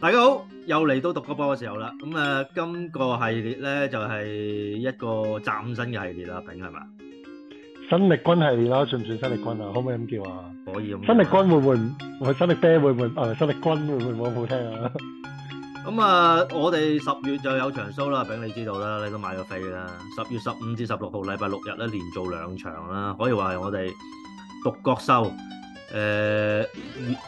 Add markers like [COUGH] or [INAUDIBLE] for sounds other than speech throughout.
大家好，又嚟到獨角播嘅時候啦，咁啊，今個系列咧就係一個嶄新嘅系列啦，炳係咪？新力軍系列啦，算唔算新力軍啊？可唔可以咁叫啊？可以咁。新力軍會唔會唔係新力啤？會唔會？啊，新力軍會唔會冇咁好聽啊？咁啊，我哋十月就有場 show 啦，炳你知道啦，你都買咗飛啦。十月十五至十六號禮拜六日咧，連做兩場啦，可以話係我哋獨角秀。誒、呃，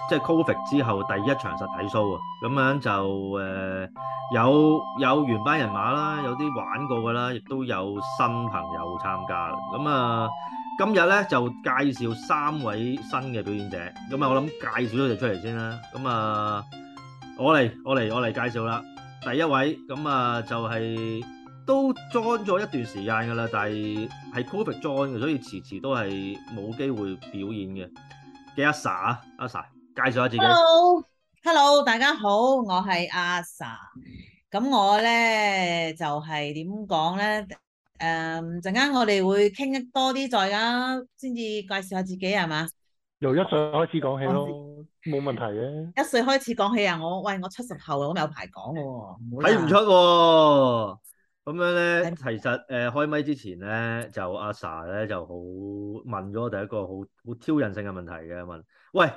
即係 Covid 之後第一場實體 show 啊，咁樣就誒、呃、有有原班人馬啦，有啲玩過嘅啦，亦都有新朋友參加。咁啊，今日咧就介紹三位新嘅表演者。咁啊，我諗介紹咗佢出嚟先啦。咁啊，我嚟我嚟我嚟介紹啦。第一位咁啊，就係、是、都裝咗一段時間㗎啦，但係係 Covid join 嘅，所以遲遲都係冇機會表演嘅。嘅阿 Sa 阿 Sa 介紹下自己。Hello，hello，Hello, 大家好，我係阿 Sa。咁我咧就係、是 um, 點講咧？誒，陣間我哋會傾得多啲再啊，先至介紹下自己係嘛？由一歲開始講起咯，冇我問題嘅。一歲開始講起啊！我喂，我七十後，我有排講喎，睇唔出喎、啊。咁樣咧，其實誒開麥之前咧，就阿 sa 咧就好問咗我第一個好好挑釁性嘅問題嘅問，喂，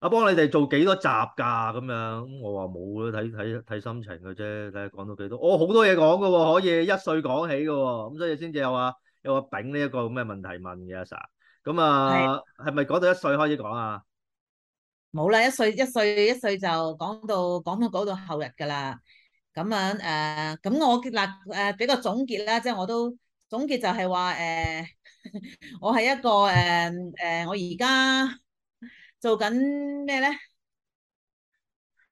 阿幫你哋做幾多集㗎？咁樣，我話冇睇睇睇心情嘅啫，睇下講到幾多。我、哦、好多嘢講嘅喎，可以一歲講起嘅喎、哦，咁所以先至有啊有阿炳呢一個咁嘅問題問嘅阿 sa。咁啊，係咪講到一歲開始講啊？冇啦，一歲一歲一歲就講到講到講到後日㗎啦。咁樣誒，咁我啦誒，比較總結啦，即係我都總結就係話誒，我係一個誒誒、呃呃，我而家做緊咩咧？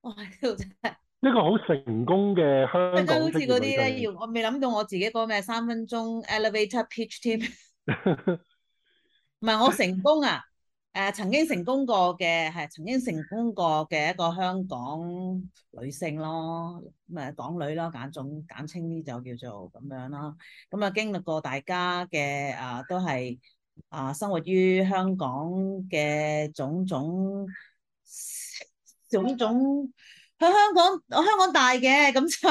哇！呢個好成功嘅香港式好似嗰啲咧，要、嗯、我未諗到我自己嗰咩三分鐘 [LAUGHS] elevator pitch TEAM，唔係 [LAUGHS] [LAUGHS] 我成功啊！ [LAUGHS] 誒曾經成功過嘅，係曾經成功過嘅一個香港女性咯，咁啊港女咯簡種簡稱呢就叫做咁樣咯。咁啊經歷過大家嘅，啊都係啊生活於香港嘅種種種種。喺香港喺香港大嘅，咁就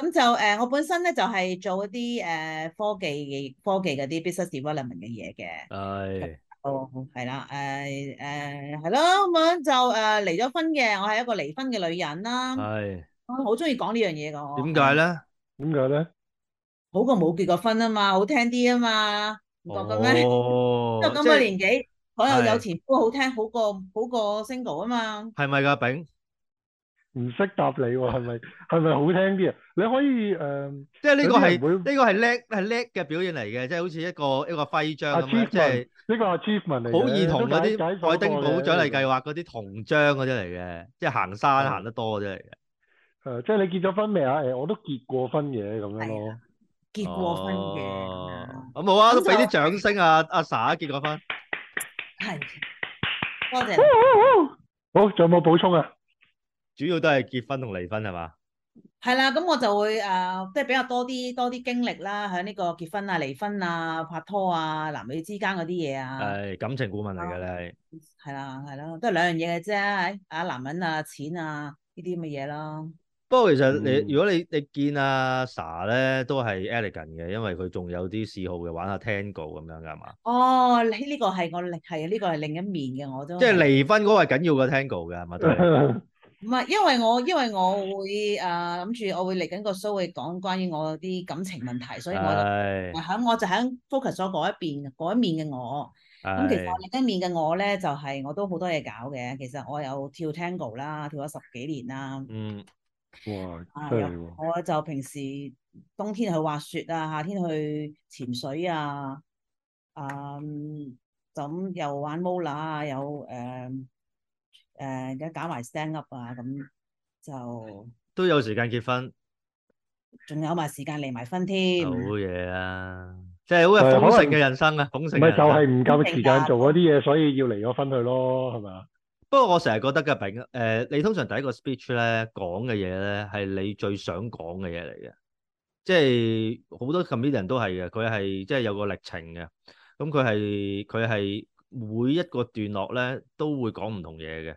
咁就誒，我本身咧就係做一啲誒科技科技嗰啲 business development 嘅嘢嘅。係。哦，係啦，誒，誒，係咯，咁樣就誒離咗婚嘅，我係一個離婚嘅女人啦，係是，我好中意講呢樣嘢噶，點解咧？點解咧？好過冇結過婚啊嘛，好聽啲啊嘛，唔同噶咩？咁嘅、哦、年紀，就是、我又有錢是都好聽，好過好過 single 啊嘛，係咪噶，炳？唔識答你喎，係咪係咪好聽啲啊？你可以誒，即係呢個係呢個係叻係叻嘅表現，嚟嘅，即係好似一個一個徽章咁啊，即係呢個 achievement 嚟。好似同嗰啲愛丁堡獎勵計劃嗰啲銅章嗰啲嚟嘅，即係行山行得多嗰啲嚟嘅。誒，即係你結咗婚未啊？誒，我都結過婚嘅咁樣咯，結過婚嘅。咁好啊，都俾啲掌聲啊，阿 Sa 結過婚。係，多謝。好，仲有冇補充啊？主要都係結婚同離婚係嘛？係啦，咁我就會誒，即、呃、係比較多啲多啲經歷啦，喺呢個結婚啊、離婚啊、拍拖啊、男女之間嗰啲嘢啊。係感情顧問嚟嘅咧，係啦係咯，都係兩樣嘢嘅啫。啊，男人啊，錢啊呢啲咁嘅嘢咯。不過其實你如果你你見阿 Sa 咧都係 elegant 嘅，因為佢仲有啲嗜好嘅，玩下 tango 咁樣噶係嘛？哦、oh，呢呢、這個係我另，係呢個係另一面嘅，我都即係離婚嗰個係緊要嘅 tango 噶，係、就、嘛、是？ [LAUGHS] 唔係，因為我因為我會誒諗住我會嚟緊個 show 會講關於我啲感情問題，所以我就，咁的我就喺 focus 咗嗰一邊，嗰一面嘅我。咁的其實我另一面嘅我咧，就係、是、我都好多嘢搞嘅。其實我有跳 tango 啦，跳咗十幾年啦。嗯，啊、的我就平時冬天去滑雪啊，夏天去潛水啊，嗯、啊，咁又玩摩拉啊，又、嗯、誒。誒，而家搞埋 stand up 啊，咁就都有時間結婚，仲有埋時間離埋婚添，好嘢啊！即係好豐盛嘅人生啊，豐盛唔係就係唔夠時間做嗰啲嘢，所以要離咗婚去咯，係咪？不過我成日覺得㗎誒，你通常第一個 speech 咧講嘅嘢咧係你最想講嘅嘢嚟嘅，即係好多 comedian 都係嘅，佢係即係有個歷程嘅，咁佢係佢係每一個段落咧都會講唔同嘢嘅。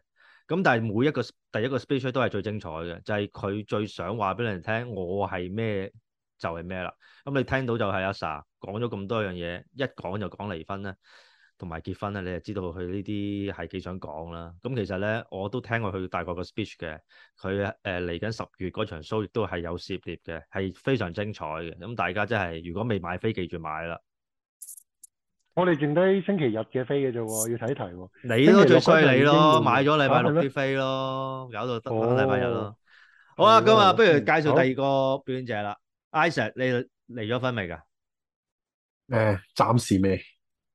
咁、嗯、但係每一個第一個 speech 都係最精彩嘅，就係、是、佢最想話俾你聽，我係咩就係咩啦。咁你聽到就係阿 Sa 講咗咁多樣嘢，一講就講離婚啦，同埋結婚咧，你就知道佢呢啲係幾想講啦。咁、嗯、其實咧我都聽過佢大概個 speech 嘅，佢誒嚟緊十月嗰場 show 亦都係有涉獵嘅，係非常精彩嘅。咁、嗯、大家真係如果未買飛，記住買啦。我哋剩低星期日嘅飛嘅啫喎，要睇睇喎。你，最你、啊、都最衰你咯，買咗禮拜六啲飛咯，搞到得禮拜一咯。好啊，咁啊了，不如介紹第二個表演者啦。好 Isaac，你離咗婚未㗎？誒、呃，暫時未。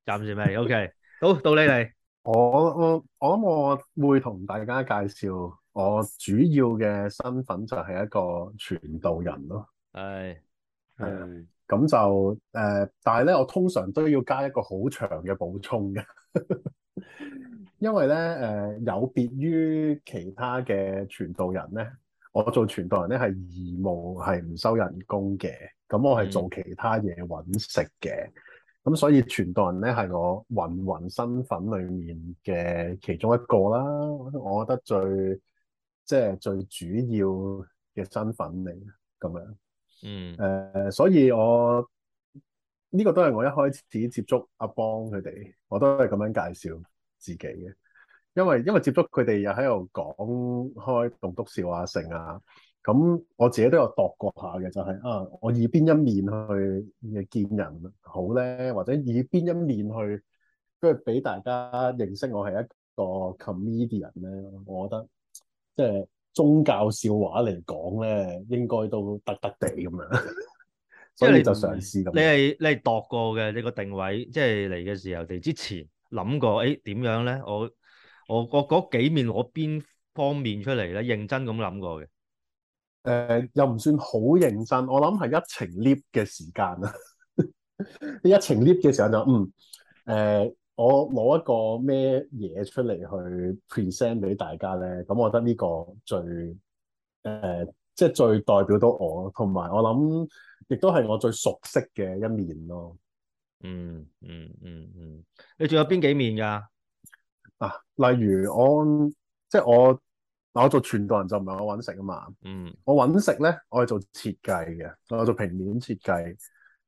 暫時未，OK。好，到你嚟。 [LAUGHS] [LAUGHS] 我我我諗我會同大家介紹我主要嘅身份就係一個傳道人咯。係。係。咁就誒、呃，但係咧，我通常都要加一個好長嘅補充嘅 [LAUGHS] ，因為咧誒、呃，有別於其他嘅傳道人咧，我做傳道人咧係義務，係唔收人工嘅。咁我係做其他嘢搵食嘅。咁所以傳道人咧係我芸芸身份裏面嘅其中一個啦。我覺得最即係最主要嘅身份嚟，咁樣。嗯，誒，uh，所以我呢、呢個都係我一開始接觸阿邦佢哋，我都係咁樣介紹自己嘅，因為因為接觸佢哋又喺度講開棟篤笑啊、成啊，咁我自己都有度過下嘅，就係、係、啊，我以邊一面去嘅見人好咧，或者以邊一面去都係俾大家認識我係一個 comedian 咧，我覺得即係。宗教笑話嚟講咧，應該都得得地咁樣，所以你就嘗試咁。你係你係度過嘅，你個定位即係嚟嘅時候，你之前諗過，誒點樣咧？我我我嗰幾面我邊方面出嚟咧？認真咁諗過嘅，誒又唔算好認真。我諗係一程 lift 嘅時間啊，一程 lift 嘅時候就嗯誒。我攞一個咩嘢出嚟去 present 俾大家咧？咁我覺得呢個最誒、呃，即係最代表到我，同埋我諗亦都係我最熟悉嘅一面咯。嗯嗯嗯嗯，嗯嗯嗯你仲有邊幾面㗎？啊，例如我即係我，我做傳道人就唔係我揾食啊嘛。嗯，我揾食咧，我係做設計嘅，我做平面設計。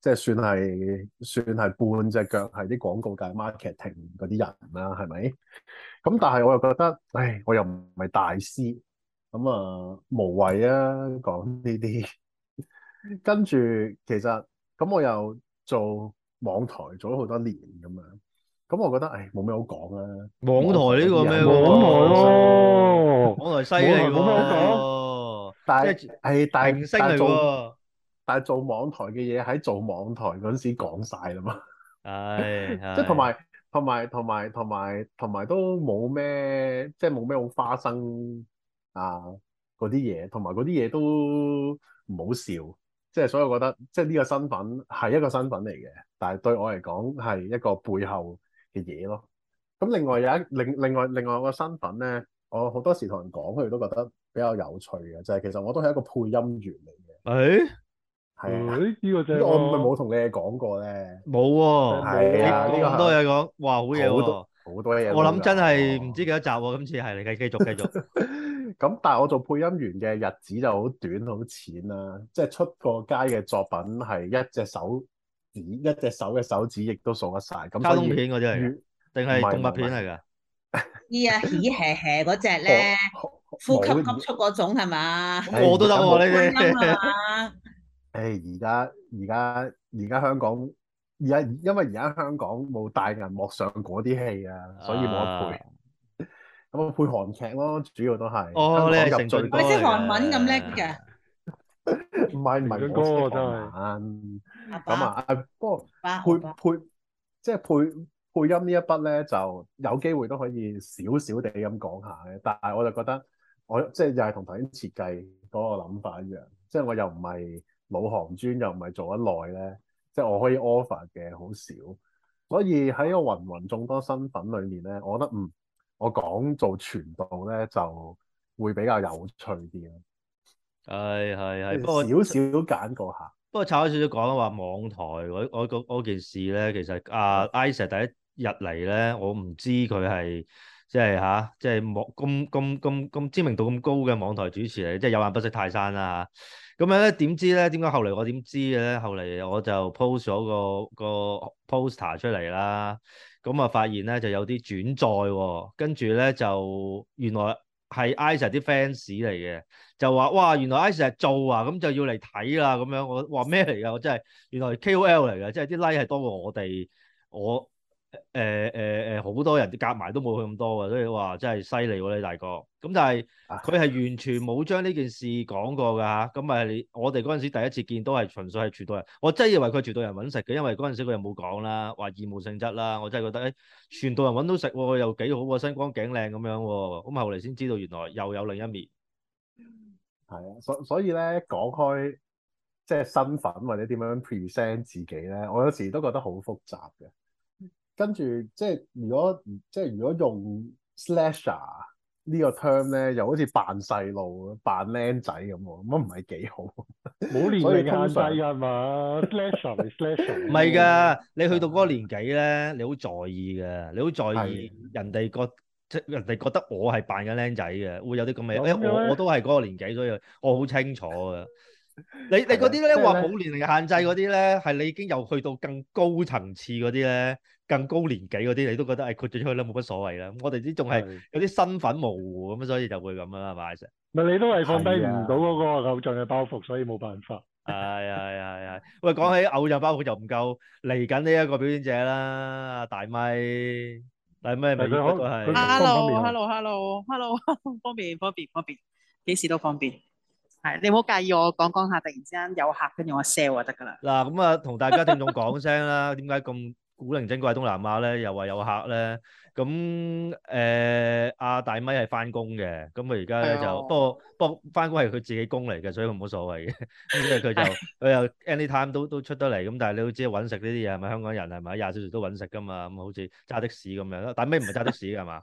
即係算係算係半隻腳係啲廣告界 marketing 嗰啲人啦，係咪？咁但係我又覺得，唉，我又唔係大師，咁啊無謂啊講呢啲。跟住其實咁我又做網台做咗好多年咁樣，咁我覺得唉冇咩好講啊。網台呢個咩喎？哦，網台細嚟喎，冇咩好講。大係大明星嚟喎。但係做網台嘅嘢喺做網台嗰陣時講晒啦嘛，即係同埋同埋同埋同埋同埋都冇咩，即係冇咩好花生啊，嗰啲嘢，同埋嗰啲嘢都唔好笑，即係所以我覺得即係呢個身份係一個身份嚟嘅，但係對我嚟講係一個背後嘅嘢咯。咁另外有一另另外另外個身份咧，我好多時同人講，佢哋都覺得比較有趣嘅就係、係、其實我都係一個配音員嚟嘅。哎係呢啲我真係咁，我唔係冇同你哋講過咧，冇喎，係啊，呢個好多嘢講，話好嘢，好多好多嘢。我諗真係唔知幾多集啊，今次係繼繼續繼續。咁但係我做配音員嘅日子就好短好淺啦，即係出過街嘅作品係一隻手指，一隻手嘅手指亦都數得晒。咁卡通片嗰隻嚟，定係動物片嚟噶？呢呀嘻嘿嘿嗰隻咧，呼吸急促嗰種係嘛？我都得喎呢啲。誒而家而家而家香港而家，因為而家香港冇大銀幕上嗰啲戲啊，所以冇得配咁啊，配韓劇咯，主要都係哦，你係韓文咁叻嘅？唔係唔係唔識韓文咁啊，不過、啊配啊、配配配配，配即係配配音呢一筆咧，就有機會都可以少少地咁講下嘅。但係我就覺得我即係又係同頭先設計嗰個諗法一樣，即係我又唔係。老行專又唔係做得耐咧，即係我可以 offer 嘅好少，所以喺個芸芸眾多身份裏面咧，我覺得唔，我講做傳道咧就會比較有趣啲咯。係係係，如不過少少揀過下。不過炒開少少講話網台嗰嗰件事咧，其實阿、啊、Isa 第一日嚟咧，我唔知佢係即係吓，即係網咁咁咁咁知名度咁高嘅網台主持嚟，即係有眼不識泰山啦、啊啊咁樣咧，點知咧？點解後嚟我點知嘅咧？後嚟我，我就 post 咗個個 poster 出嚟啦，咁啊發現咧就有啲轉載喎、啊，跟住咧就原來係 Isa 啲 fans 嚟嘅，就話哇原來 Isa 係做啊，咁就要嚟睇啦咁樣，我話咩嚟㗎？我真係原來 KOL 嚟㗎，即係啲 like 係多過我哋我。誒誒誒，好、呃呃、多人都夾埋都冇去咁多啊，所以話真係犀利喎，你大哥咁，但係佢係完全冇將呢件事講過噶。咁啊我哋嗰陣時第一次見都係純粹係全隊人，我真係以為佢全隊人揾食嘅，因為嗰陣時佢又冇講啦，話義務性質啦，我真係覺得誒、欸，全隊人揾到食又幾好啊，身光頸靚咁樣，咁後嚟先知道原來又有另一面係啊，所以所以咧講開即係身份或者點樣 present 自己咧，我有時都覺得好複雜嘅。跟住即係如果即係如果用 slasher 呢個 term 咧，又好似扮細路、扮僆仔咁喎。乜唔係幾好。冇年齡限制㗎嘛，slasher，slasher。唔係㗎，你去到嗰個年紀咧，你好在意㗎，你好在意的人哋覺即人哋覺得我係扮緊僆仔嘅，會有啲咁嘅嘢。我我都係嗰個年紀，所以我好清楚㗎 [LAUGHS] [LAUGHS] 你你嗰啲咧話冇年齡限制嗰啲咧，係你已經又去到更高層次嗰啲咧。更高年紀嗰啲你都覺得誒豁咗出去啦，冇乜所謂啦。我哋啲仲係有啲身份模糊咁啊，所以就會咁啊，係咪先？咪你都係放低唔到嗰個偶像嘅包袱，所以冇辦法。係啊係啊係啊！喂，講起偶像包袱就唔夠嚟緊呢一個表演者啦，阿大咪，大咪咪嗰個係。Hello hello hello hello，方便方便方便，幾時都方便。係你唔好介意我講講下，突然之間有客跟住我 sell 就得㗎啦。嗱咁啊，同大家聽眾講聲啦，點解咁？古靈精怪，東南亞咧又話有客咧，咁誒阿大咪係翻工嘅，咁佢而家咧就不過不過翻工係佢自己工嚟嘅，所以冇乜所謂嘅，咁即係佢就佢又 anytime 都都出得嚟，咁但係你都知揾食呢啲嘢係咪？香港人係咪廿四小時都揾食㗎嘛？咁好似揸的士咁樣，大咪唔係揸的士㗎係嘛？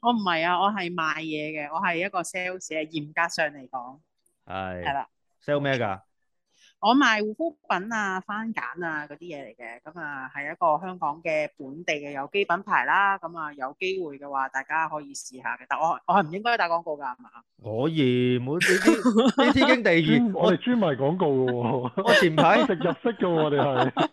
我唔係啊，我係賣嘢嘅，我係一個 sales，係嚴格上嚟講係係啦，sell 咩㗎？我賣護膚品啊、番梘啊嗰啲嘢嚟嘅，咁啊係一個香港嘅本地嘅有機品牌啦，咁啊有機會嘅話，大家可以試下嘅。但我我係唔應該打廣告噶，係嘛？可以，冇呢啲天經地義。我哋專賣廣告噶喎，我前排食入式噶喎，我哋係。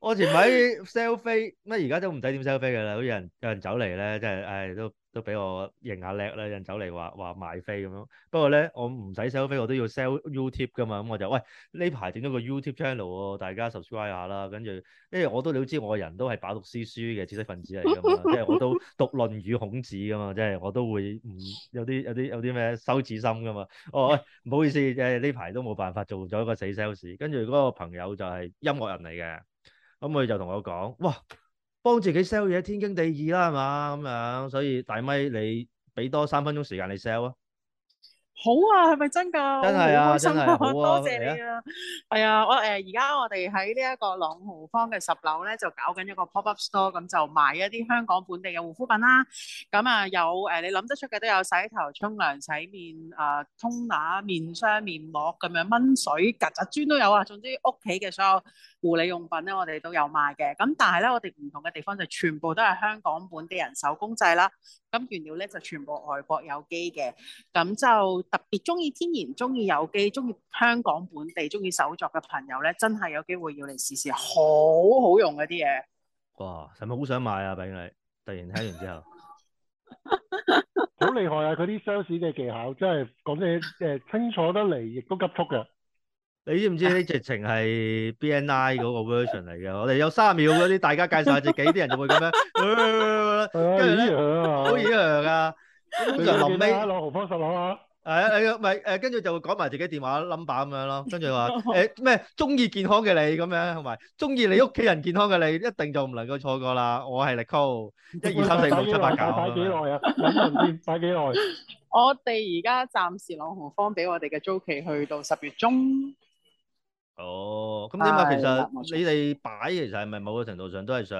我前排 sell 飛，乜而家都唔使點 sell 飛噶啦，都有人有人走嚟咧，真係，唉，都都俾我認下叻啦，人走嚟話話賣飛咁樣。不過咧，我唔使 sell 飛，我都要 sell YouTube 噶嘛。咁我就喂呢排整咗個 YouTube channel 喎，哦，大家 subscribe 下啦。跟住，因為我都了知我個人都係飽讀詩書嘅知識分子嚟噶嘛，即係我都讀《論語》孔子噶嘛，即係我都會唔、嗯、有啲有啲有啲咩羞恥心噶嘛。哦，唔、哎、唔好意思，誒呢排都冇辦法做咗一個死 sales。跟住嗰個朋友就係音樂人嚟嘅，咁佢就同我講：哇！幫自己 sell 嘢，天經地義啦，係嘛咁樣，所以大麥你俾多三分鐘時間你 sell 啊。好啊，係咪真噶？真係啊，好辛苦啊真係、啊，多謝你啊！係吧啊，呃、我誒而家我哋喺呢一個朗豪坊嘅十樓咧，就搞緊一個 pop up store，咁、嗯、就賣一啲香港本地嘅護膚品啦。咁、嗯、啊、嗯、有誒、呃，你諗得出嘅都有，洗頭、沖涼、洗面啊，通拿、面霜、面膜咁樣，蚊水、曱甴磚都有啊。總之屋企嘅所有護理用品咧，我哋都有賣嘅。咁、嗯、但係咧，我哋唔同嘅地方就全部都係香港本地人手工製啦。咁原料咧就全部外國有機嘅，咁就特別中意天然、中意有機、中意香港本地、中意手作嘅朋友咧，真係有機會要嚟試試，好好用嗰啲嘢。哇，係咪好想買啊？畀你突然聽完之後，好厲 [LAUGHS] [LAUGHS] 害啊！佢啲 sales 嘅技巧，真係講啲嘢誒，清楚得嚟，亦都急促嘅。你知唔知呢？直情係 B N I 嗰個 version 嚟嘅。我哋有三十秒嗰啲，大家介紹下自己啲人就會咁樣，好耳樣啊，好耳樣啊。通常臨尾，朗豪坊十樓啊，係啊，你唔係誒？跟住就會講埋自己電話 number 咁樣咯。跟住話誒咩？中意健康嘅你咁樣，同埋中意你屋企人健康嘅你，一定就唔能夠錯過啦。我係 Nicole，一二三四五六七八九啊。睇幾耐啊？仲要睇幾耐？我哋而家暫時朗豪坊俾我哋嘅租期去到十月中。哦，咁點解其實你哋擺其實係咪某個程度上都係想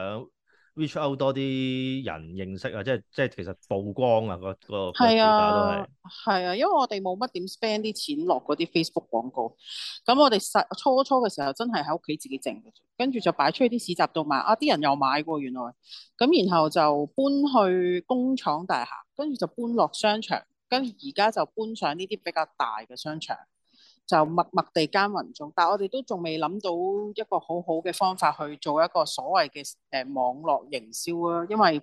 reach out 多啲人認識啊？即係即係其實曝光啊、嗰個啊，個主打係啊，因為我哋冇乜點 spend 啲錢落嗰啲 Facebook 廣告。咁我哋實初初嘅時候真係喺屋企自己整嘅，跟住就擺出去啲市集度賣啊，啲人又買喎原來過。咁然後就搬去工廠大廈，跟住就搬落商場，跟住而家就搬上呢啲比較大嘅商場，就默默地耕耘中，但係我哋都仲未諗到一個好好嘅方法去做一個所謂嘅誒、呃、網絡營銷啊。因為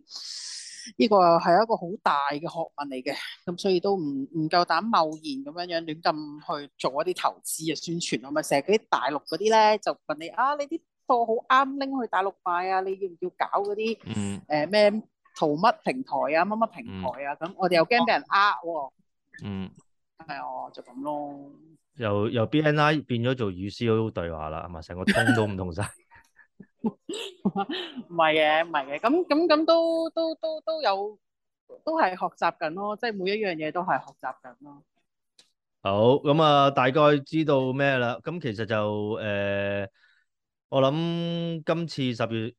呢個係一個好大嘅學問嚟嘅，咁所以都唔唔夠膽貿然咁樣樣亂咁去做一啲投資啊、宣傳啊，咪成日嗰啲大陸嗰啲咧就問你啊，你啲貨好啱拎去大陸賣啊，你要唔要搞嗰啲誒咩淘乜平台啊乜乜平台啊？咁我哋又驚俾人呃喎，嗯，係啊、嗯嗯，就咁咯。由由 BNI 變咗做與 CIO 對話啦，係咪成個通都唔同晒？唔係嘅，唔係嘅，咁咁咁都都都都有，都係學習緊咯，即係每一樣嘢都係學習緊咯。好，咁啊，大概知道咩啦？咁其實就誒，我諗今次十月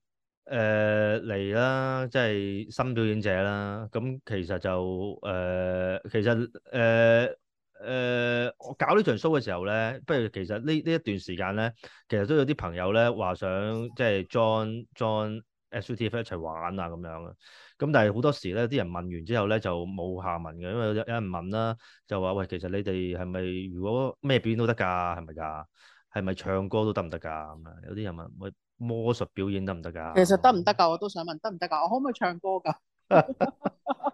誒嚟啦，即係新表演者啦。咁其實就誒，其實誒。誒、呃，我搞呢場 show 嘅時候咧，不如其實呢呢一段時間咧，其實都有啲朋友咧話想即係 join join SUTF 一齊玩啊咁樣嘅。咁但係好多時咧，啲人問完之後咧就冇下文嘅，因為有有人問啦，就話喂，其實你哋係咪如果咩表演都得㗎，係咪㗎？係咪唱歌都得唔得㗎？咁啊，有啲人問喂，魔術表演得唔得㗎？其實得唔得㗎？我都想問，得唔得㗎？我可唔可以唱歌㗎？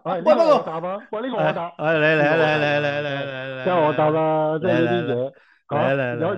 喂，呢個答啊，喂呢個我答，你你你你你你你，即係我答啦，即係呢啲嘢，有有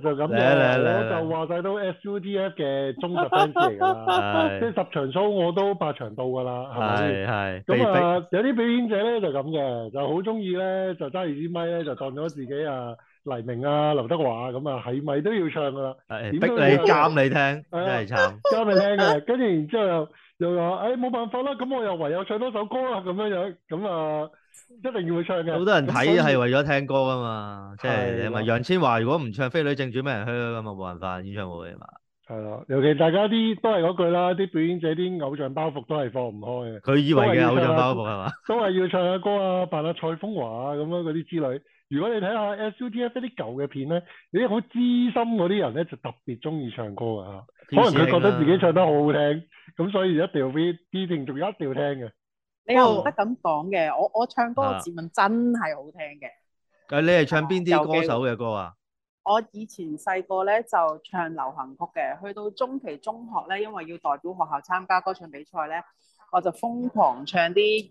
就咁樣，我就話晒都 S U D F 嘅忠實 fans 啦，即係十場 show 我都八場到噶啦，係係，咁啊有啲表演者咧就咁嘅，就好中意咧就揸住支咪咧就當咗自己啊黎明啊劉德華啊咁啊係咪都要唱噶啦，逼你監你聽，真係慘，監你聽嘅，跟住然之後又。又話，誒、哎，冇辦法啦，咁我又唯有唱多首歌啦，咁樣樣，咁啊，一定要去唱嘅。好多人睇係為咗聽歌噶嘛，即係唔係楊千嬅如果唔唱《飛女正傳》，咩人去啊？咁啊，冇辦法，演唱會係嘛？係啊，尤其大家啲都係嗰句啦，啲表演者啲偶像包袱都係放唔開嘅。佢以為嘅偶像包袱係嘛？都係要唱下、啊 [LAUGHS] 啊、歌啊，扮下、啊、蔡楓華啊，咁樣嗰啲之類。如果你睇下 SUTF 啲舊嘅片咧，啲好資深嗰啲人咧就特別中意唱歌啊，可能佢覺得自己唱得好好聽，咁所以一定要 B B 定仲有一定要聽嘅。你又唔得咁講嘅，我我唱歌自問真係好聽嘅。咁你係唱邊啲歌手嘅歌啊？我以前細個咧就唱流行曲嘅，去到中期中學咧，因為要代表學校參加歌唱比賽咧，我就瘋狂唱啲。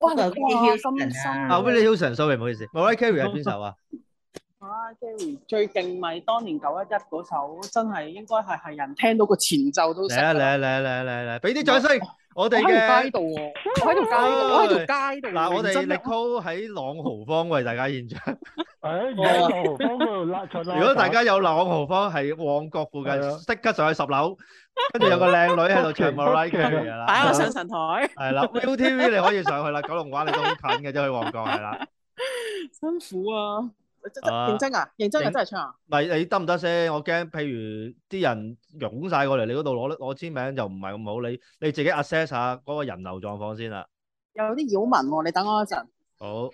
Willie，Hudson，sorry，唔好意思，Mariah，Carey 係邊首啊？Mariah，Carey 最勁咪當年九一一嗰首，真係應該係係人聽到個前奏都嚟嚟嚟嚟嚟嚟，俾啲掌聲！我哋嘅喺條街度，喺條街，我喺條街度。嗱，我哋 Co 喺朗豪坊為大家獻唱。誒，朗豪坊嗰度，如果大家有朗豪坊係旺角附近，即刻上去十樓，跟住有個靚女喺度唱《Maria》嘅啦，擺我上神台。係啦，ViuTV 你可以上去啦，九龍灣你都咁近嘅，即係去旺角係啦。辛苦啊，認真啊，認真啊，真係唱。唔係，你得唔得先？我驚，譬如啲人湧晒過嚟，你嗰度攞攞簽名又唔係咁好，你你自己 assess 下嗰個人流狀況先啦。又有啲擾民喎，你等我一陣。好，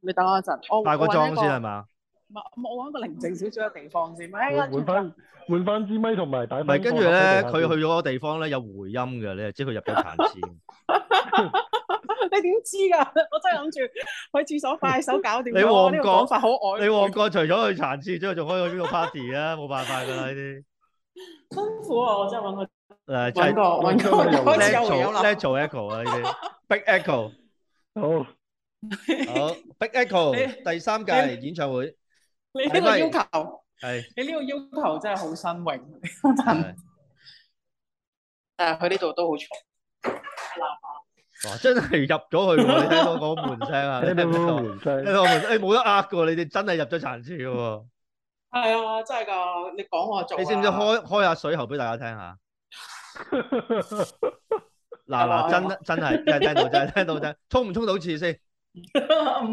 你等我一陣，我我搵一個先係嘛？唔係，唔係，我搵個寧靜少少嘅地方先。換翻換翻支咪同埋底褲。唔係跟住咧，佢去咗個地方咧，有回音嘅，你又知佢入咗殘廁。你點知噶？我真係諗住去廁所快手搞掂。你旺角，你旺角除咗去殘廁，之後仲可以去邊個 party 啊？冇辦法噶呢啲。辛苦啊，我真係搵個搵個叻做，叻做 echo 啊！呢啲 big echo 好。好，Big Echo 第三屆演唱會，你呢個要求係，你呢個要求真係好新穎。一陣，誒，佢呢度都好嘈。哇，真係入咗去，啊，你聽我講門聲啊！你聽唔聽到？你聽到門聲，誒，冇得壓噶，你哋真係入咗殘次噶。係啊，真係噶，你講我做。你知唔知開開下水喉俾大家聽下？嗱嗱，真真係，聽聽到真，聽到真，沖唔沖到次先？唔係，嗰、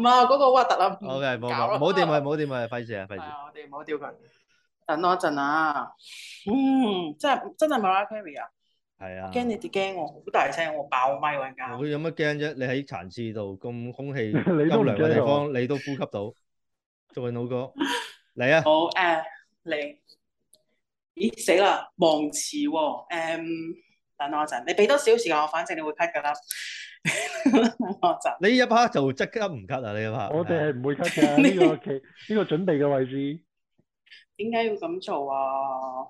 [LAUGHS] 那個核突啦。好嘅 Okay,，冇冇冇，掉咪冇掂，咪，費事了啊，費事了！我哋唔好掉佢，等我一陣啊。嗯，真係真係冇拉 carry 啊！係啊，驚你跌驚、啊、我， [LAUGHS] 我，好大聲，我爆咪嗰陣。我有乜驚啫？你喺殘次度，咁空氣清涼嘅地方，你都呼吸到。做緊老哥，你啊，好誒，你、啊，咦死啦，忘詞喎。誒、嗯，等我一陣，你俾多少時間我？反正你會 cut 噶啦。你一拍就即刻唔咳啊！你一拍，我哋係唔會咳嘅。呢個期，呢個準備嘅位置，點解要咁做啊？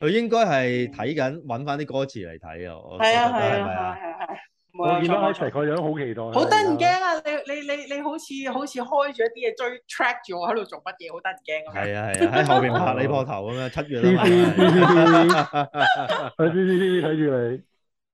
佢應該係睇緊，揾翻啲歌詞嚟睇啊！係啊係啊係啊係啊！我見到阿 Sir 個樣好期待。好得唔驚啊！你你你你好似好似開咗一啲嘢追 track 咗喺度做乜嘢，好得唔驚咁樣？係啊係啊，喺後面拍你破頭咁樣。七月，呢邊睇住嚟。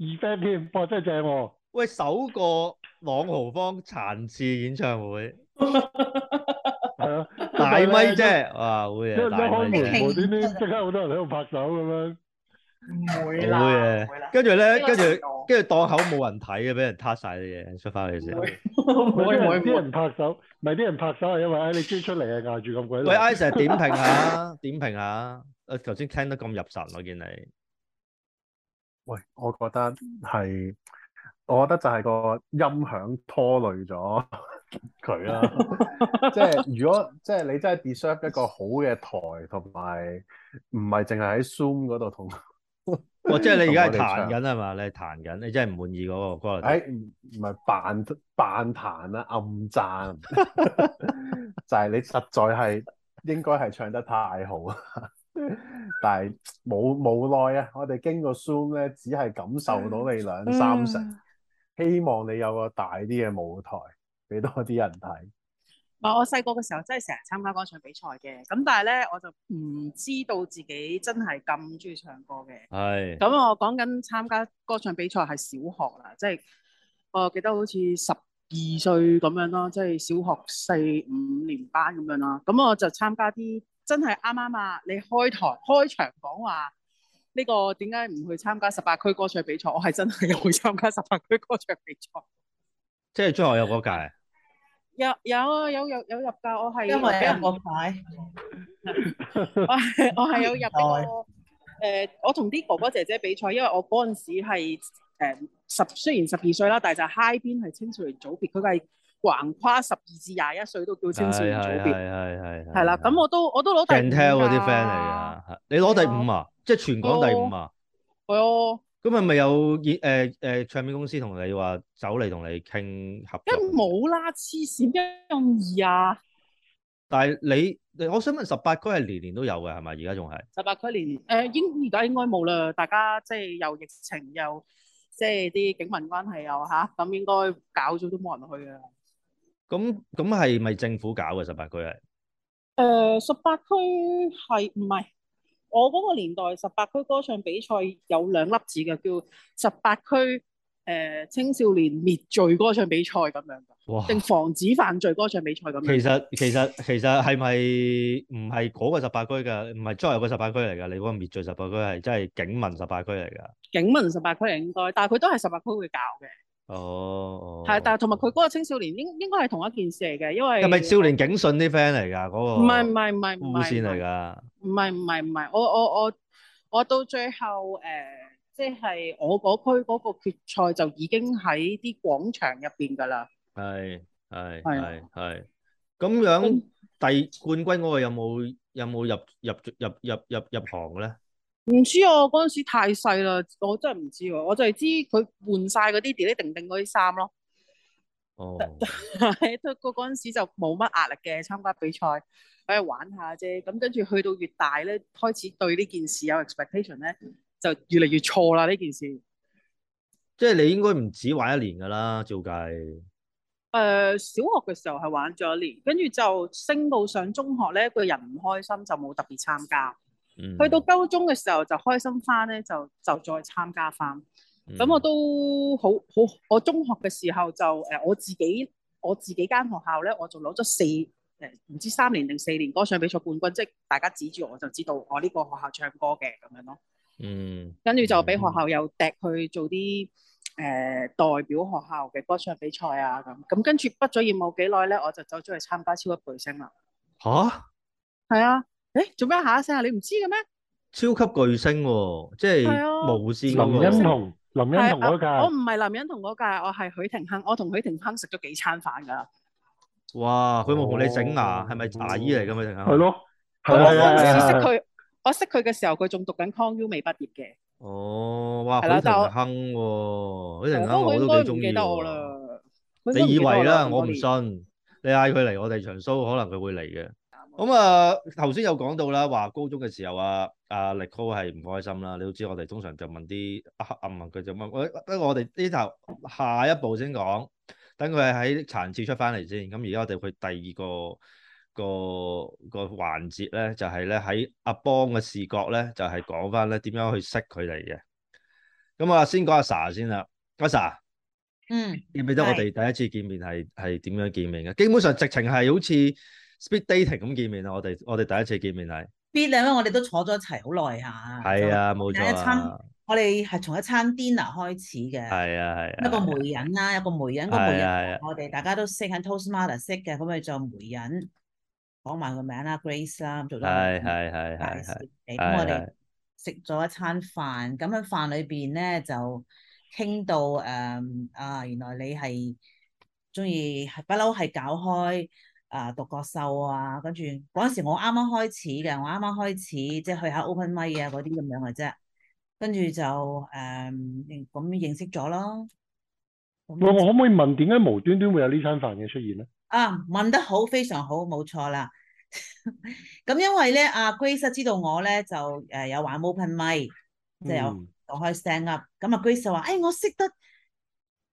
二聲添，播真係正喎。喂，首個朗豪坊殘次演唱會，係啊，大咪啫，哇，會啊，無端端，即刻好多人喺度拍手咁樣，唔會啦。唔會啊！跟住咧，跟住，跟住檔口冇人睇嘅，俾人撻晒啲嘢。出翻去先！時候，即啲人拍手，唔係啲人拍手係因為，哎，你先出嚟啊，掛住咁鬼。喂，Isaac 點評下，點評下。我頭先聽得咁入神，我見你。喂，我覺得係，我覺得就係個音響拖累咗佢啦。即 [LAUGHS] 係、就是、如果即係、就是、你真係 deserve 一個好嘅台，同埋唔係淨係喺 Zoom 嗰度同。哦， [LAUGHS] 即係你而家彈緊係嘛？你彈緊？你真係唔滿意嗰個嗰個？誒， [LAUGHS] 唔係扮扮彈啦，暗讚。 [LAUGHS] [LAUGHS] 就係你實在係應該係唱得太好。 [LAUGHS] [LAUGHS] 但係冇冇耐啊！我哋經過 Zoom 咧，只係感受到你兩三成。的希望你有個大啲嘅舞台，俾多啲人睇。嗱，我細個嘅時候真係成日參加歌唱比賽嘅，咁但係咧我就唔知道自己真係咁中意唱歌嘅。係咁的，我講緊參加歌唱比賽係小學啦，即係我記得好似十二歲咁樣咯，即係小學四五年班咁樣啦。咁我就參加啲。真係啱啱啊！你開台開場講話，呢個點解唔去參加十八區歌唱比賽？我係真係有去參加十八區歌唱比賽。即係最後有入屆？有有有有有入㗎、嗰個 [LAUGHS] 呃，我係因為我係我係我係有入嘅。我同啲哥哥姐姐比賽，因為我嗰陣時係十、呃、雖然十二歲啦，但係就係 high 邊係青少年組別佢係。橫跨十二至廿一歲都叫青少年組別係啦。咁 [MUSIC] 我都我都攞第五啦。傾聽啲 friend 嚟嘅，你攞第五啊，即係全港第五啊。係哦、啊。咁係咪有熱誒、呃呃、唱片公司同你話走嚟同你傾合作？冇啦，黐線，邊咁易啊？但係你，你，我想問十八區係年年都有嘅係咪？而家仲係十八區年誒，應而家應該冇啦。大家即係又疫情又即係啲警民關係又吓，咁、啊，應該搞咗都冇人去啊。咁咁係咪政府搞嘅十八區係？誒，十八區係唔係我嗰個年代十八區歌唱比賽有兩粒字嘅，叫十八區誒青少年滅罪歌唱比賽咁樣嘅，定哇防止犯罪歌唱比賽咁樣其。其實其實其實係咪唔係嗰個十八區嘅？唔係郊遊嘅十八區嚟噶？你嗰個滅罪十八區係真係警民十八區嚟噶？警民十八區應該，但係佢都係十八區會搞嘅。哦，係，但係同埋佢嗰個青少年應應該係同一件事嚟嘅，因為係咪少年警訊啲 friend 嚟噶嗰個？唔係唔係唔係唔係無綫嚟噶？唔係唔係唔係，我我我我到最後誒，即係我嗰區嗰個決賽就已經喺啲廣場入邊噶啦。係係係係，咁樣第冠軍嗰個有冇有冇入入入入入入行咧？唔知,啊,知啊，我嗰陣時太細啦，我真係唔知喎，我就係知佢換晒嗰啲叮叮定定嗰啲衫咯。哦，喺得嗰陣時就冇乜壓力嘅，參加比賽喺度玩下啫。咁跟住去到越大咧，開始對呢件事有 expectation 咧，就越嚟越錯啦呢件事。即係你應該唔止玩一年噶啦，照計。誒、呃，小學嘅時候係玩咗一年，跟住就升到上中學咧，個人唔開心就冇特別參加。去到高中嘅時候就開心翻咧，就就再參加翻。咁、嗯、我都好好，我中學嘅時候就誒我自己我自己間學校咧，我就攞咗四誒唔、呃、知三年定四年歌唱比賽冠軍，即係大家指住我就知道我呢個學校唱歌嘅，咁樣咯。嗯，跟住就俾學校又趯去做啲誒、嗯呃呃、代表學校嘅歌唱比賽啊，咁咁，跟住畢咗業冇幾耐咧，我就走咗去參加超級巨星啦。吓，係啊。誒做咩嚇一聲啊？你唔知嘅咩？超級巨星喎，即係無線林欣彤、林欣彤嗰屆，我唔係林欣彤嗰屆，我係許廷鏗。我同許廷鏗食咗幾餐飯㗎啦。哇！佢冇同你整牙，係咪牙醫嚟㗎？許廷鏗係咯，我嗰次識佢，我識佢嘅時候，佢仲讀緊 CU 未畢業嘅。哦，哇！許廷鏗喎，許廷鏗我都幾中意。佢應該唔記得我喇。你以為啦？我唔信。你嗌佢嚟我哋場 show，可能佢會嚟嘅。咁啊，頭先有講到啦，話高中嘅時候啊，阿、啊、力高係唔開心啦。你都知我哋通常就問啲阿黑問問佢咁，不、哎、我我哋呢頭下一步先講，等佢喺殘次出翻嚟先。咁而家我哋去第二個個個環節咧，就係咧喺阿邦嘅視角咧，就係講翻咧點樣去識佢哋嘅。咁啊，先講阿 Sa 先啦，阿 Sa，嗯，記唔記得我哋第一次見面係係點樣見面嘅？基本上直情係好似～speed dating 咁見面啊！我哋我哋第一次見面係，bit 啊，因為我哋都坐咗一齊好耐下。係啊，冇錯啊。一餐，我哋係從一餐 dinner 開始嘅。係啊係啊。一個媒人啦，一個媒人，個媒人我哋大家都識，喺 Toastmaster 識嘅，咁咪做媒人講埋個名啦，Grace 啦，做咗好多年。係係係係係。咁我哋食咗一餐飯，咁喺飯裏邊咧就傾到誒啊，原來你係中意不嬲係搞開。啊，獨角獸啊，跟住嗰陣時我啱啱開始嘅，我啱啱開始即係、就是、去下 open mic 啊，嗰啲咁樣嘅啫，跟住就誒咁、嗯、認識咗咯。喂，我可唔可以問點解無端端會有呢餐飯嘅出現咧？啊，問得好，非常好，冇錯啦。咁 [LAUGHS] 因為咧，阿 Grace 知道我咧就誒有玩 open mic，即係有講開聲啊。咁啊，Grace 就話，誒、嗯，我識得，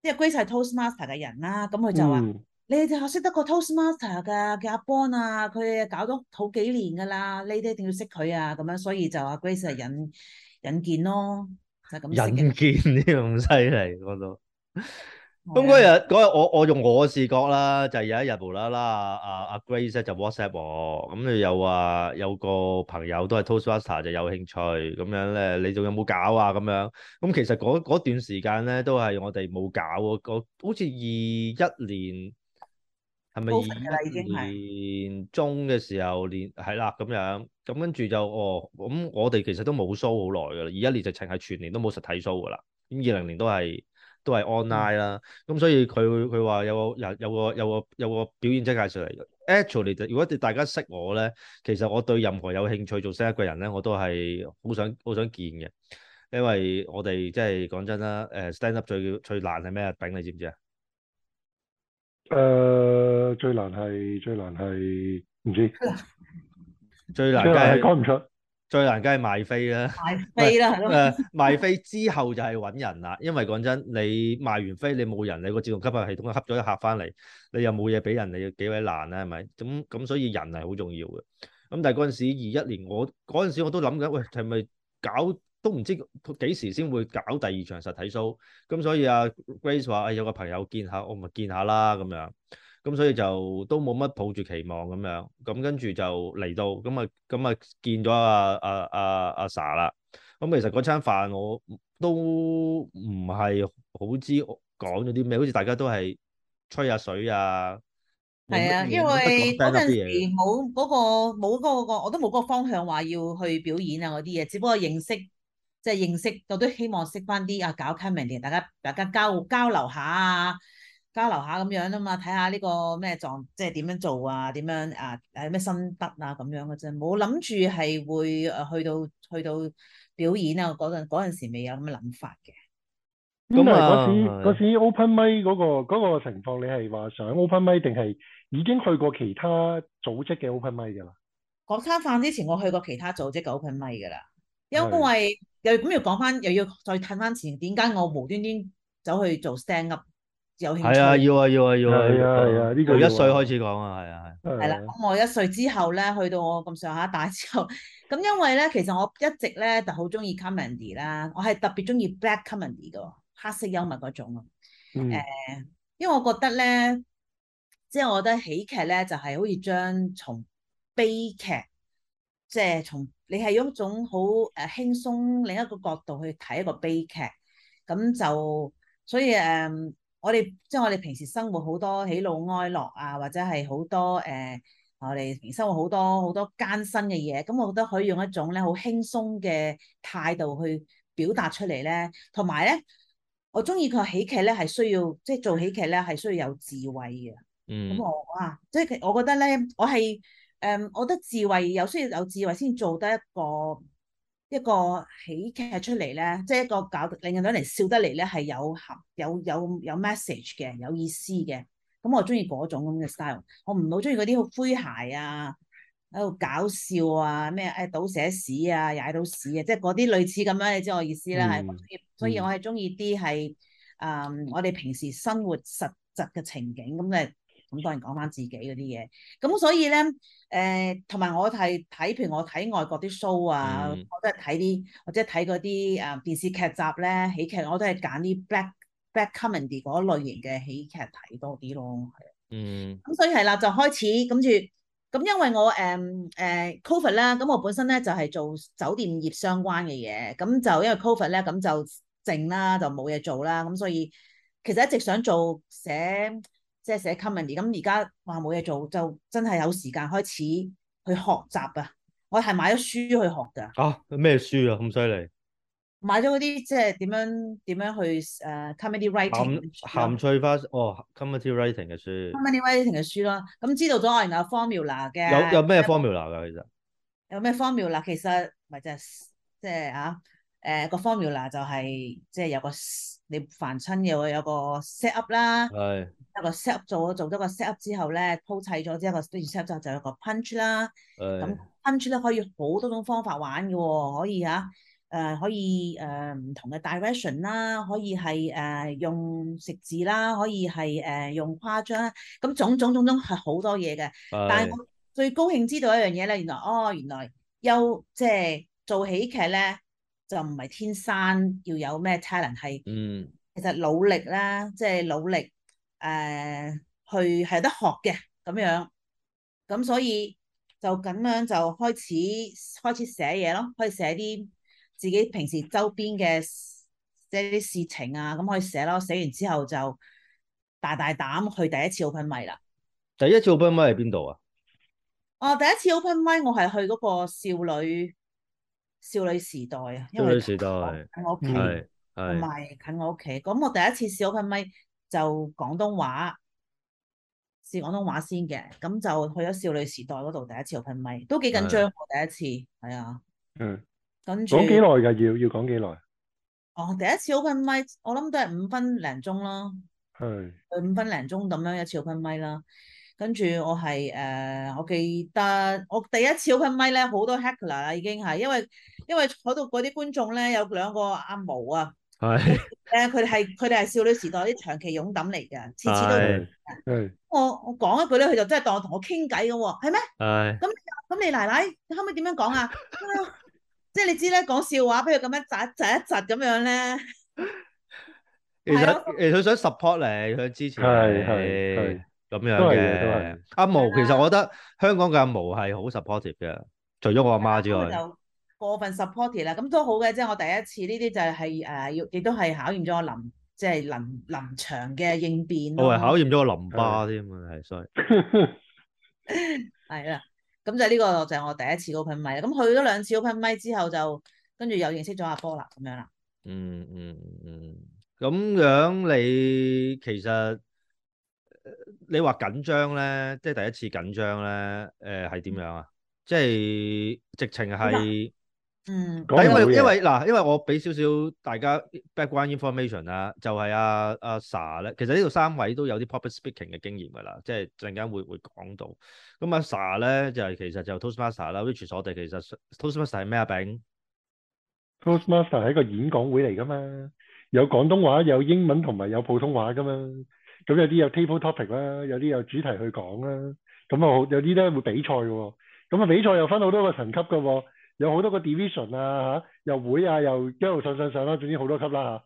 即係 Grace 係 Toastmaster 嘅人啦，咁佢就話。你哋學識得個 Toastmaster 噶，佢阿 Bon 啊，佢搞咗好幾年噶啦，你哋一定要識佢啊，咁樣所以就阿 Grace 引引薦咯，就咁、是。引薦啲咁犀利，講到咁嗰日嗰 [LAUGHS] 日、那個、日我我用我嘅視覺啦，就是、有一日冇啦啦，阿、啊、阿、啊、Grace 就 WhatsApp 我，咁你又話有個朋友都係 Toastmaster 就有興趣，咁樣咧你仲有冇搞啊？咁樣咁其實嗰段時間咧都係我哋冇搞個，好似二一年。係咪二一年中嘅時候？年係啦，咁樣，咁跟住就哦，咁我哋其實都冇 show 好耐㗎啦。二一年就淨係全年都冇實體 show 㗎啦。咁二零年都係都係 online 啦。咁所以佢佢話有個有個有個有個，有個表演者介紹嚟。Actually，如果你大家識我咧，其實我對任何有興趣做 standup 嘅人咧，我都係好想好想見嘅。因為我哋即係講真啦，誒、呃、standup 最最難係咩啊？炳你知唔知啊？誒、呃，最難係最難係唔知，最難梗係開唔出，最難梗係賣飛啦， [LAUGHS] [LAUGHS] 賣飛啦，誒，賣飛之後就係搵人啦，因為講真，你賣完飛，你冇人，你個自動吸納系統吸咗一客翻嚟，你又冇嘢俾人，你幾位難啊，係咪？咁咁所以人係好重要嘅，咁但係嗰陣時二一年，我嗰陣時我都諗緊，喂，係咪搞？都唔知幾時先會搞第二場實體 show，咁所以阿 Grace 話，誒有個朋友見下，我咪見下啦咁樣。咁所以就都冇乜抱住期望咁樣。咁跟住就嚟到，咁啊咁啊見咗阿阿阿阿 Sa 啦。咁其實嗰餐飯我都唔係好知講咗啲咩，好似大家都係吹下水啊。係啊，因為嗰陣時冇嗰個冇嗰個，我都冇嗰個方向話要去表演啊嗰啲嘢，只不過認識。即係認識，到都希望識翻啲啊，搞 community 大家大家交交流下啊，交流下咁樣啊嘛，睇下呢個咩狀，即係點樣做啊，點樣啊，誒咩心得啊咁樣嘅啫。冇諗住係會誒去到去到表演啊嗰陣嗰時未有咁嘅諗法嘅。咁為嗰時 open mic 嗰、嗰個嗰個情況，你係話想 open mic 定係已經去過其他組織嘅 open mic 噶啦？嗰餐飯之前我去過其他組織嘅 open mic 噶啦，因為。又咁要講翻，又要再褪翻前，點解我無端端走去做 stand up，有興趣？係啊，要啊，要啊，要啊，係啊，係啊，呢度、啊啊、一歲開始講啊，係啊，係。係啦，我一歲之後咧，去到我咁上下大之後，咁因為咧，其實我一直咧就好中意 comedy 啦，我係特別中意 black comedy 嘅黑色幽默嗰種咯。誒、因為我覺得咧，即係我覺得喜劇咧就係好似將從悲劇。即係從你係用一種好誒輕鬆另一個角度去睇一個悲劇，咁就所以誒、嗯，我哋即係我哋平時生活好多喜怒哀樂啊，或者係好多誒、呃，我哋平生活好多好多艱辛嘅嘢，咁我覺得可以用一種咧好輕鬆嘅態度去表達出嚟咧，同埋咧，我中意佢喜劇咧係需要即係做喜劇咧係需要有智慧嘅，嗯，咁我啊，即係我覺得咧，我係。誒，um, 我覺得智慧有需要有智慧先做得一個一個喜劇出嚟咧，即係一個搞令人攞嚟笑得嚟咧，係有含有有有 message 嘅，有意思嘅。咁、嗯、我中意嗰種咁嘅 style，我唔好中意嗰啲好詼諧啊，喺度搞笑啊，咩誒、哎、倒寫屎啊，踩到屎、啊、屎啊，即係嗰啲類似咁樣，你知我意思啦。係、嗯，所以我係中意啲係誒，我哋、嗯嗯、平時生活實質嘅情景咁嘅。嗯咁多人講翻自己嗰啲嘢，咁所以咧，誒同埋我係睇，譬如我睇外國啲 show 啊，嗯、我都係睇啲或者睇嗰啲誒電視劇集咧喜劇，我都係揀啲 black black comedy 嗰類型嘅喜劇睇多啲咯。嗯，咁所以係啦，就開始跟住咁，因為我誒誒 COVID 啦，咁、嗯嗯、我本身咧就係做酒店業相關嘅嘢，咁就因為 COVID 咧咁就靜啦，就冇嘢做啦，咁所以其實一直想做寫。即係寫 comedy 咁而家話冇嘢做，就真係有時間開始去學習啊！我係買咗書去學㗎。啊，咩書啊？咁犀利！買咗嗰啲即係點樣點樣去誒 comedy writing 鹹翠花哦，comedy writing 嘅書。comedy writing 嘅書咯，咁知道咗，我原來有 formula 嘅。有有咩 formula 㗎？其實有咩 formula？其實咪就係即係啊誒個 formula 就係即係有個。你凡親嘅，有個 set up 啦，一個 set up 的做做咗個 set up 之後咧，鋪砌咗之後，這個 set up 之後就有個 punch 啦。咁的 punch 咧可以好多種方法玩嘅。哦，可以吓、啊，誒、呃、可以誒唔、呃、同嘅 direction 啦，可以係誒、呃、用食字啦，可以係誒、呃、用誇張，咁種種種種係好多嘢嘅。的但係我最高興知道一樣嘢咧，原來哦原來又，又即係做喜劇咧。就唔係天生要有咩才能係，嗯、其實努力啦，即、就、係、是、努力，誒、呃，去係得學嘅咁樣，咁所以就咁樣就開始開始寫嘢咯，可以寫啲自己平時周邊嘅即係啲事情啊，咁可以寫咯，寫完之後就大大膽去第一次 open mic 啦。第一次 open mic 係邊度啊？哦，第一次 open mic 我係去嗰個少女。少女時代啊，因為近我屋企，同埋近我屋企，咁我第一次試好噴咪就廣東話，試廣東話先嘅，咁就去咗少女時代嗰度第一次做噴咪，都幾緊張，是我第一次，係啊，嗯，跟住講幾耐噶，要要講幾耐？哦，第一次好噴咪，我諗都係五分零鐘咯，係是，五分零鐘咁樣一次好噴咪啦。跟住我係誒，我記得我第一次開咪咧，好多 hack 啦，已經係因為因為坐到嗰啲觀眾咧有兩個阿毛啊，係，誒佢係佢哋係少女時代啲長期擁躉嚟嘅，次次都係，我我講一句咧，佢就真係當我同我傾偈嘅喎，係咩？咁咁你奶奶，你可唔可以點樣講啊？即係你知咧，講笑話，不如咁樣窒窒一窒咁樣咧。其實佢想 support 你，佢之前。支持你。咁樣嘅，阿毛其實我覺得香港嘅阿毛係好 supportive 嘅，除咗我阿媽之外，就過分 supportive 啦。咁都好嘅，即係我第一次呢啲就係誒，亦都係考驗咗我臨即係臨臨場嘅應變。我係考驗咗我淋巴添啊，係，所以係啦。咁就呢個就係我第一次嗰個 open 咪啦。咁去咗兩次嗰個 open 咪之後，就跟住又認識咗阿波啦，咁樣啦。嗯嗯嗯，咁樣你其實～你話緊張咧，即係第一次緊張咧，誒係點樣啊？即係直情係，嗯。嗯因為因為嗱，因為我俾少少大家 background information 啦、啊，就係阿阿 sa 咧，其實呢度三位都有啲 public speaking 嘅經驗噶啦，即係陣間會會講到。咁阿 sa 咧就係其實就 Toastmaster 啦，which 我哋其實 Toastmaster 係咩啊？餅 Toastmaster 係一個演講會嚟噶嘛，有廣東話、有英文同埋有普通話噶嘛。咁有啲有 table topic 啦、啊，有啲有主題去講啦、啊，咁啊好有啲咧會比賽嘅、啊，咁、那、啊、個、比賽又分好多個層級嘅、啊，有好多個 division 啊吓、啊、又會啊又一路上上上啦、啊，總之好多級啦吓、啊。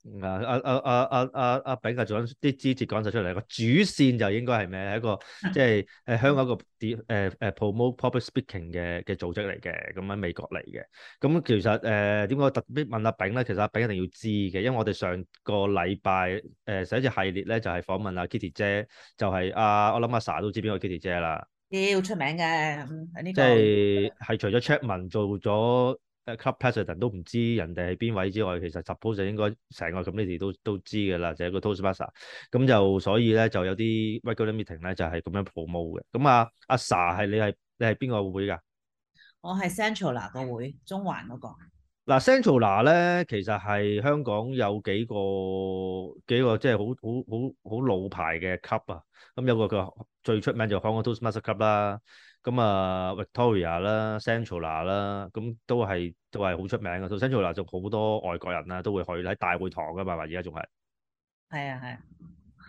啊！阿阿阿阿阿炳啊，做緊啲資料，講晒出嚟個主線就應該係咩？係一個即係誒香港個誒誒 promote public speaking 嘅嘅組織嚟嘅，咁、嗯、喺美國嚟嘅。咁其實誒點解特別問阿炳咧？其實阿炳、呃啊啊、一定要知嘅，因為我哋上個禮拜誒上一次系列咧就係、是、訪問阿 Kitty 姐，就係、是、阿、啊、我諗阿 Sa 都知邊個 Kitty 姐啦，超出名嘅呢即係係除咗 Checkman 做咗。A club president 都唔知人哋喺邊位之外，其實 suppose 就應該成個咁，你哋都知㗎喇，就係、是、個 Toastmaster。咁就，所以呢，就有啲 regular meeting 呢，就係噉樣 promote 嘅。噉阿阿 Sa，係你係邊個會會㗎？我係 Saint Laura 會，中環嗰、那個。嗱，Saint Laura 呢，其實係香港有幾個，幾個即係好好好老牌嘅 club 啊。噉有個叫最出名就香港 Toastmaster club 啦、啊。咁啊，Victoria 啦，Central 啦，咁都係都係好出名嘅。Central 就好多外國人啦，都會去喺大會堂噶嘛，而家仲係。係啊，係啊。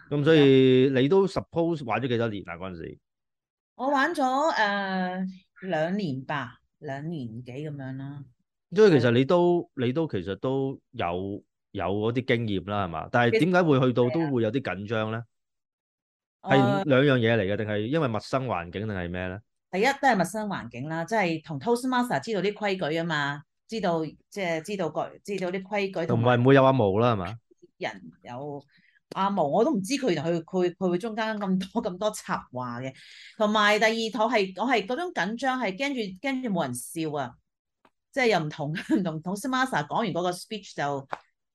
咁所以你都 suppose 玩咗幾多年啦？嗰陣時我玩咗誒兩年吧，兩年幾咁樣啦。所以其實你都你都其實都有有嗰啲經驗啦，係嘛？但係點解會去到都會有啲緊張咧？係兩樣嘢嚟嘅，定係因為陌生環境定係咩咧？第一都係陌生環境啦，即係同 Toastmaster 知道啲規矩啊嘛，知道即係知道各知道啲規矩。同埋唔會有阿毛啦，係嘛？人有阿毛，我都唔知佢佢佢佢會中間咁多咁多插話嘅。同埋第二套係我係嗰種緊張，係驚住驚住冇人笑啊！即係又唔同同同 [LAUGHS] Toastmaster 講完嗰個 speech 就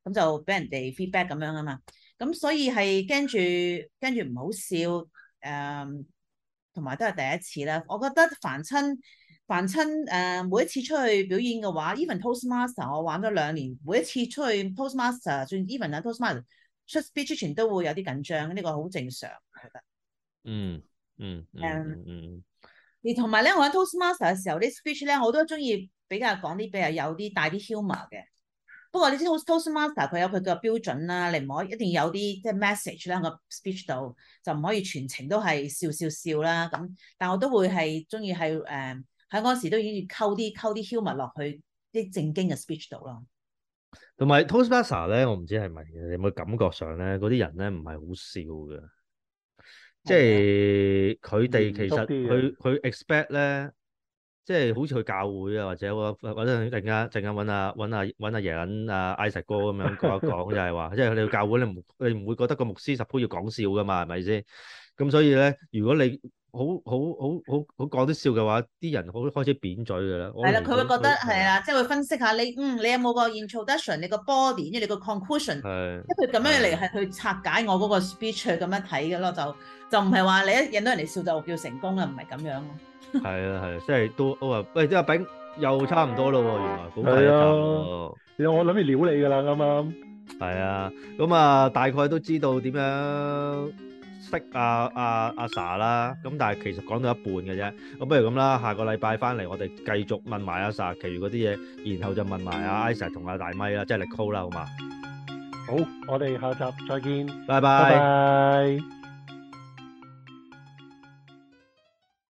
咁就俾人哋 feedback 咁樣啊嘛，咁所以係驚住驚住唔好笑誒。Um, 同埋都係第一次啦，我覺得凡親凡親誒、呃、每一次出去表演嘅話，even Toastmaster 我玩咗兩年，每一次出去 Toastmaster，算 even 啊 Toastmaster 出 speech 之前都會有啲緊張，呢、呢個好正常，覺得、嗯。嗯嗯嗯而同埋咧，我玩 Toastmaster 嘅時候啲 speech 咧，我都中意比較講啲比較有啲帶啲 humor 嘅。不過你知好 Toastmaster 佢有佢嘅標準啦，你唔可以一定有啲即係 message 啦喺個 speech 度，就唔可以全程都係笑笑笑啦咁。但我都會係中意係誒喺嗰時都已經溝啲溝啲 humour 落去啲正經嘅 speech 度咯。同埋 Toastmaster 咧，我唔知係咪你有冇感覺上咧嗰啲人咧唔係好笑嘅，即係佢哋其實佢佢 expect 咧。嗯即係好似去教會啊，或者或者陣間陣間揾阿揾阿揾阿爺揾阿 Isaac 哥咁樣講一講，就係、是、話，即係你去教會，你唔你唔會覺得個牧師 suppose 要講笑㗎嘛，係咪先？咁所以咧，如果你好好好好好講啲笑嘅話，啲人好開始扁嘴嘅啦。係啦，佢會覺得係啦，即係他、就是、會分析下你，嗯，你有冇個 introduction，你個 body，即係你個 conclusion，即係佢咁的樣嚟係的去拆解我嗰個 speech 咁樣睇嘅咯，就就唔係話你一引到人哋笑就叫成功啊，唔係咁樣。係啊係啊，即係、就是、都，喂、哎，即係阿炳又差唔多咯喎，原來咁快一集。其實我諗住撩你㗎啦，啱啱？係啊的，咁啊， [NOISE] 大概都知道點樣。識阿阿阿 Sa 啦，咁但係其實講到一半嘅啫，咁不如咁啦，下個禮拜翻嚟我哋繼續問埋阿 Sa，其餘嗰啲嘢，然後就問埋阿、啊、Isa 同阿大咪啦，即係力 call 啦，好嘛？好，我哋下集再見，拜拜。